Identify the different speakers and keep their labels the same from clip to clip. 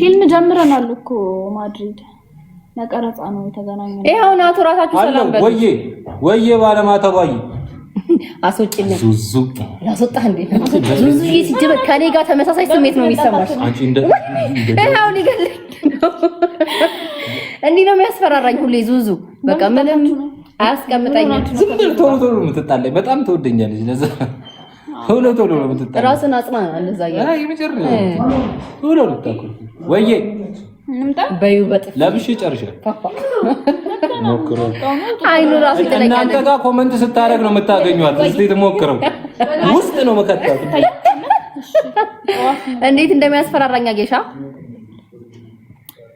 Speaker 1: ፊልም ጀምረናል እኮ ማድሪድ ለቀረጻ ነው የተገናኘነው።
Speaker 2: ይኸው ናቱ ራሳችሁ ሰላም በሉ።
Speaker 3: ወዬ ወዬ ባለማተባይ አስወጪልኝ። ዙዙ
Speaker 2: ላስወጣህ እንዴ? ዙዙ ሲጀመር ከኔ ጋር ተመሳሳይ ስሜት ነው የሚሰማሽ። አንቺ እንደ ይኸው ሊገለኝ እንዲህ ነው የሚያስፈራራኝ ሁሌ ዙዙ። በቃ ምንም አያስቀምጠኝም።
Speaker 3: ዝም ብለህ ቶሎ ቶሎ የምትጣለኝ በጣም ትወደኛለች ለዛ ቶሎ ቶሎ ነው የምትጣለው።
Speaker 2: ራስን አጽና። እንደዛ
Speaker 3: ቶሎ ወይ በዩ በጥፍ ለብሽ ጨርሽ ሞክሮ አይኑ ለብሼ ጨርሻለሁ። እናንተ ጋር ኮመንት ስታደርግ ነው የምታገኟት። እስቲ ትሞክረው ውስጥ ነው መከታት
Speaker 2: እንዴት እንደሚያስፈራራኛ ጌሻ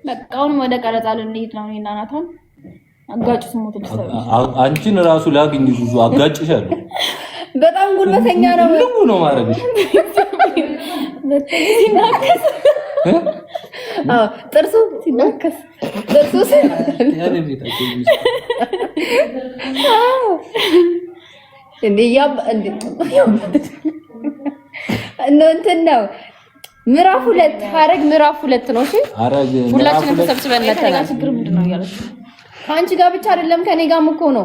Speaker 1: በቃውን ወደ ቀረጻ ልንሄድ ነው። እኔና ናታን አጋጭ ስሞት
Speaker 3: አንቺን ራሱ ላግኝ ዙዙ አጋጭሻለሁ
Speaker 1: በጣም ጉልበተኛ ነው።
Speaker 3: ልሙ ነው ማረግሽ።
Speaker 2: ጥርሱ ሲናከስ ጥርሱ እንትን ነው። ምዕራፍ ሁለት ሐረግ ምዕራፍ ሁለት ነው። እሺ ሁላችንም ተሰብስበን
Speaker 1: ለተናል። ነው ያለሽ? ከአንቺ ጋር ብቻ አይደለም ከኔ ጋርም እኮ ነው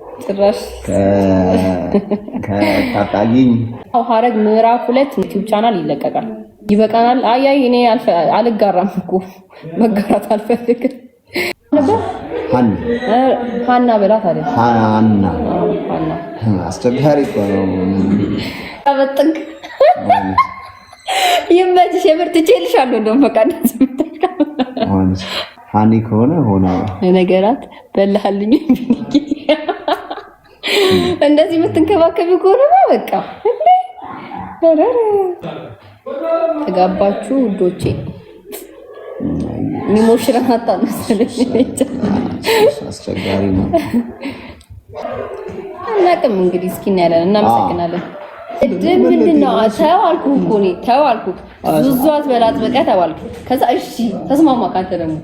Speaker 2: ጭራሽ
Speaker 3: ከታጣጊኝ
Speaker 2: ሐረግ ምዕራፍ ሁለት ዩቲዩብ ቻናል ይለቀቃል። ይበቃናል። አይ አይ እኔ አልጋራም እኮ መጋራት አልፈልግም። ሀና በላት አለ
Speaker 3: ሀና አስቸጋሪ
Speaker 2: በጥንቅ ይመችሽ። የምር ትቼልሻለሁ። እንደውም በቃ
Speaker 3: ሀኒ ከሆነ ሆነ
Speaker 2: ነገራት በላሃልኝ እንደዚህ የምትንከባከቢ ከሆነማ በቃ ተጋባችሁ ውዶቼ። ሚሞሽራ አጣ መሰለሽ አስቸጋሪ ነው። አናውቅም እንግዲህ እስኪ እናያለን። እናመሰግናለን። ድል ምንድን ነው? ተው አልኩህ እኮ እኔ ተው አልኩህ። ብዙ አትበላት በቃ ተባልኩ። ከዛ እሺ ተስማማ። ካንተ ደግሞ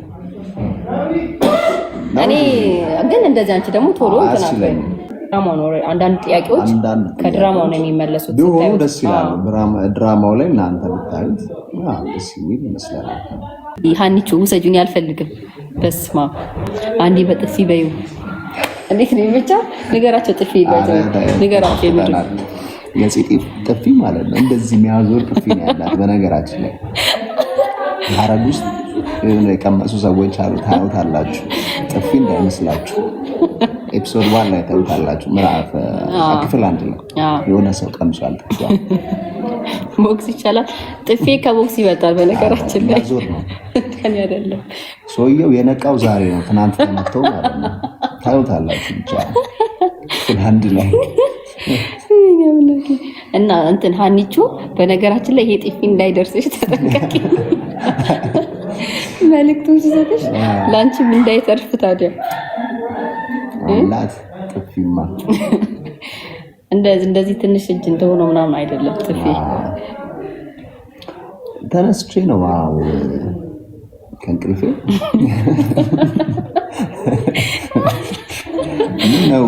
Speaker 2: እኔ ግን እንደዚህ አንቺ ደግሞ ቶሎ ተናገር ድራማ ነው። አንዳንድ ጥያቄዎች ከድራማው ነው የሚመለሱት
Speaker 3: ቢሆኑ ደስ ይላሉ። ድራማው ላይ እናንተ ብታዩት ደስ የሚል ይመስለናል።
Speaker 2: ሀኒቹ ውሰጁን አልፈልግም። በስማ አንዲ በጥፊ በዩ እንዴት ነው ብቻ ንገራቸው። ጥፊ ንገራቸው። የምድ
Speaker 3: ጥፊ ማለት ነው። እንደዚህ የሚያዞር ጥፊ ነው ያላት በነገራችን ላይ ሀረግ ውስጥ የሆነ የቀመሱ ሰዎች አሉ። ታዩታላችሁ፣ ጥፊ እንዳይመስላችሁ ኤፒሶድ ዋን ላይ ታዩታላችሁ። ምዕራፍ ክፍል አንድ ነው። የሆነ ሰው ቀምሷል።
Speaker 2: ቦክስ ይቻላል። ጥፊ ከቦክስ ይበልጣል። በነገራችን ላይ ዞር ነው አይደለም።
Speaker 3: ሰውየው የነቃው ዛሬ ነው፣ ትናንት ተመተው ማለት ነው። ታዩታላችሁ ብቻ ክፍል አንድ ላይ
Speaker 2: እና እንትን ሀኒቹ፣ በነገራችን ላይ ይሄ ጥፊ እንዳይደርስሽ ተጠንቀቂ። መልዕክቱን ሲሰጥሽ ለአንቺም እንዳይተርፍ ታዲያ እንደዚህ ትንሽ እጅ ሆኖ ምናምን አይደለም። ጥፊ
Speaker 3: ተነስቼ ነው ዋው ከእንቅልፌ ነው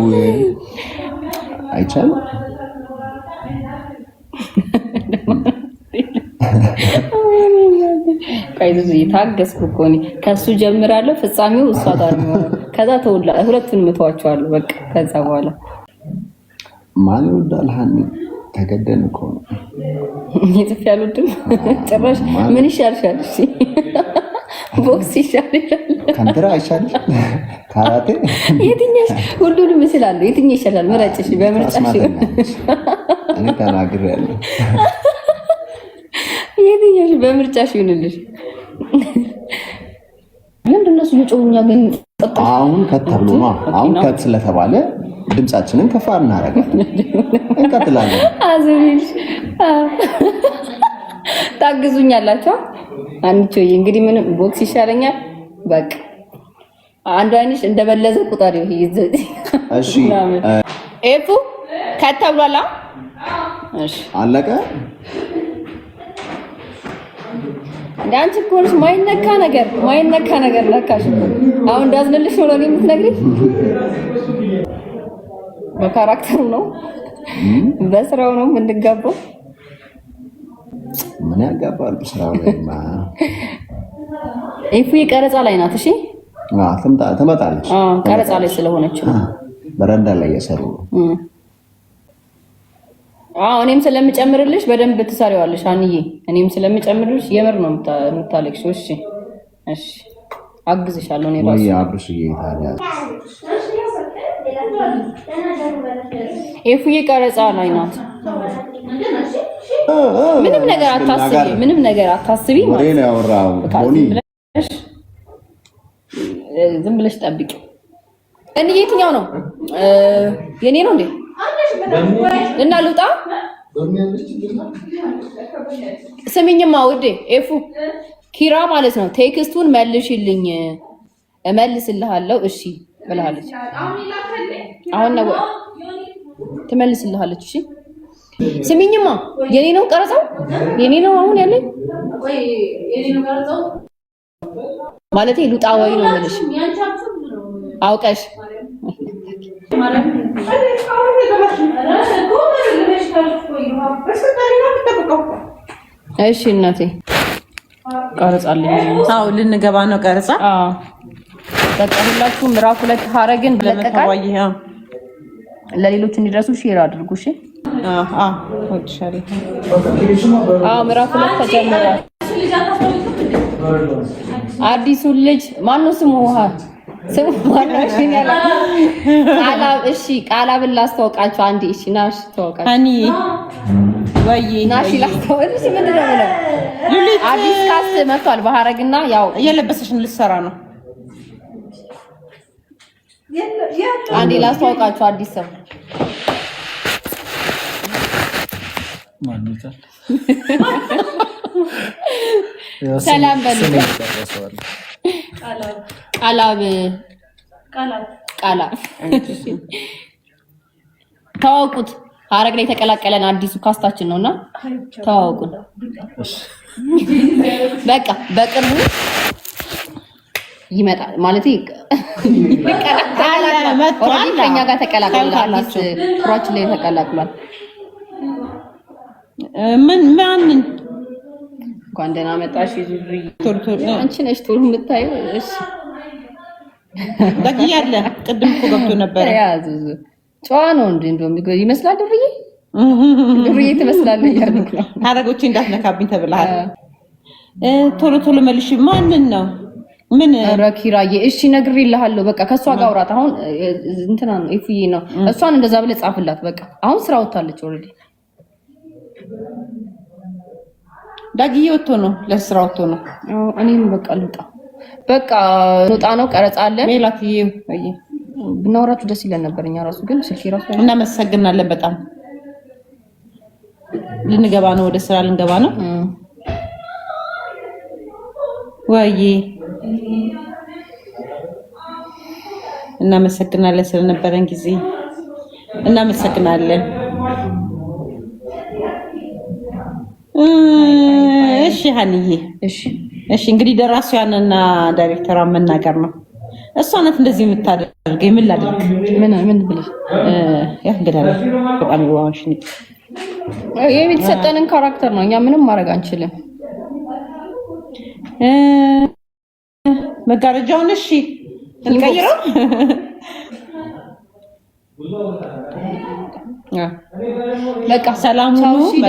Speaker 3: አይቻልም።
Speaker 2: ቀይዙ ታገስኩ እኮ እኔ ከሱ ጀምራለሁ። ፍጻሜው እሷ ጋር ነው። ከዛ ተውላ ሁለቱን ምተዋቸዋለሁ። በቃ ከዛ በኋላ
Speaker 3: ማን ይወዳል? ሀኒ ተገደን እኮ ነው
Speaker 2: የጥፍ ያሉድም ጭራሽ ምን ይሻልሻል? እሺ ቦክስ ይሻልሻል?
Speaker 3: ከንትራ ይሻልሽ? ካራቴ
Speaker 2: የትኛሽ? ሁሉንም እችላለሁ። የትኛ ይሻላል? ምረጭሽ። በምርጫሽ
Speaker 3: ተናግሬያለሁ።
Speaker 2: በምርጫሽ ይሁንልሽ። ምንድን ነው እሱ እየጮሁኛ ግን
Speaker 3: አሁን ከት ተብሎ ነው። አሁን ከት ስለተባለ ድምጻችንን ከፍ እናደርጋለን። እንቀጥላለን።
Speaker 2: አዘቢል ታግዙኛላችሁ። አንቺ እንግዲህ ምን ቦክስ ይሻለኛል። በቃ አንዱ አይንሽ እንደበለዘ ቁጣሪ እሺ፣ ኤፉ ከት ተብሏል።
Speaker 3: እሺ አለቀ።
Speaker 2: እንዳንቺ እኮ ነሽ ማይነካ ነገር ማይነካ ነገር ለካሽ አሁን እንዳዝንልሽ ነው ለኔ የምትነግሪኝ። በካራክተሩ ነው በስራው ነው የምንጋባው።
Speaker 3: ምን ያጋባል? ስራው ላይማ
Speaker 2: እፉዬ ቀረጻ ላይ ናት። እሺ
Speaker 3: አዎ፣ ትመጣለች።
Speaker 2: አዎ፣ ቀረጻ ላይ ስለሆነች
Speaker 3: በረንዳ ላይ እየሰሩ ነው
Speaker 2: አዎ እኔም ስለምጨምርልሽ በደንብ ትሰሪዋለሽ አንዬ። እኔም ስለምጨምርልሽ የምር ነው የምታለቅሽው። እሺ እሺ፣ አግዝሻለሁ እኔ ራሱ ኤፉዬ ቀረጻ ላይ ናት። ምንም ነገር አታስቢ፣ ምንም ነገር አታስቢ። ዝም ብለሽ ጠብቂ። እንዴ የትኛው ነው የኔ ነው እንዴ? እና ልውጣ። ስሚኝማ ውዴ ኤፉ ኪራ ማለት ነው። ቴክስቱን መልሽልኝ፣ እመልስልሃለሁ እሺ ብላለች። አሁን ነው ትመልስልሃለች። እሺ ስሚኝማ የኔ ነው ቀረጻው፣ የኔ ነው አሁን ያለኝ ማለቴ። ልውጣ ወይ ነው የምልሽ አውቀሽ እሺ እናቴ ቀርጻለኝ። ልንገባ ነው ቀርጻ። አዎ በቃ ሁላችሁም ምዕራፍ ሁለት ሀረግን ለመታወይ ለሌሎች እንዲደርሱ ሼር አድርጉ። እሺ አዎ ምዕራፍ ሁለት ተጀምሯል። አዲሱን ልጅ ማነው ስሙ ውሃ ስሙ ማናሽን ያላ ቃላ እሺ፣ ቃላ ብላ አስተዋውቃችሁ አንዴ። እሺ ናሽ ተዋውቃችሁ አዲስ ካስት መጥቷል በሐረግና ያው
Speaker 1: እየለበሰሽን ልትሰራ ነው።
Speaker 2: አንዴ ላስተዋውቃችሁ አዲስ ሰው ሰላም በሉ ቃላብ ቃላብ ተዋውቁት። ሀረግ ላይ ተቀላቀለን አዲሱ ካስታችን ነውና ተዋውቁን። በቃ በቅርቡ ይመጣል ማለት ከኛ ጋር ተቀላቅሏል። አዲስ ላይ ተቀላቅሏል። ምን እንኳን ደህና መጣሽ አንቺ ነሽ ቶሎ የምታየው። እሺ
Speaker 1: ዳጊ ያለ ቅድም እኮ ገብቶ ነበረ።
Speaker 2: ጨዋ ነው እንዴ? እንደውም ይመስላል ድርዬ ድርዬ ትመስላለህ እያልኩ ነው።
Speaker 1: ሀረጎቼ እንዳትነካብኝ ተብለሃል። ቶሎ ቶሎ መልሽ። ማንን ነው ምን
Speaker 2: ረኪራዬ? እሺ ነግሬልሃለሁ። በቃ ከእሷ ጋር አውራት። አሁን እንትና ነው ኢፉዬ ነው። እሷን እንደዛ ብለህ ጻፍላት። በቃ አሁን ስራ ወጥታለች ኦልሬዲ።
Speaker 1: ዳጊዬ ወጥቶ ነው ለስራ ወጥቶ ነው።
Speaker 2: እኔም በቃ ልውጣ በቃ እንውጣ ነው፣ ቀረጻ አለ ሜላትዬ ብናወራችሁ ደስ ይለን ነበር። እኛ ራሱ ግን ስልክ ራሱ
Speaker 1: እናመሰግናለን። በጣም ልንገባ ነው፣ ወደ ስራ ልንገባ ነው። ወይዬ እናመሰግናለን ስለነበረን ጊዜ እናመሰግናለን። እሺ ሀንዬ፣ እሺ እሺ እንግዲህ ደራሲዋንና ዳይሬክተሯን መናገር ነው። እሷ ናት እንደዚህ የምታደርገ። ምን ላድርግ?
Speaker 2: ምን ምን ብለሽ
Speaker 1: ያ እንግዳ በጣም ይዋሽ
Speaker 2: የተሰጠንን ካራክተር ነው። እኛ ምንም ማድረግ አንችልም።
Speaker 1: መጋረጃውን እሺ እንቀይረው። በቃ ሰላም ሁሉ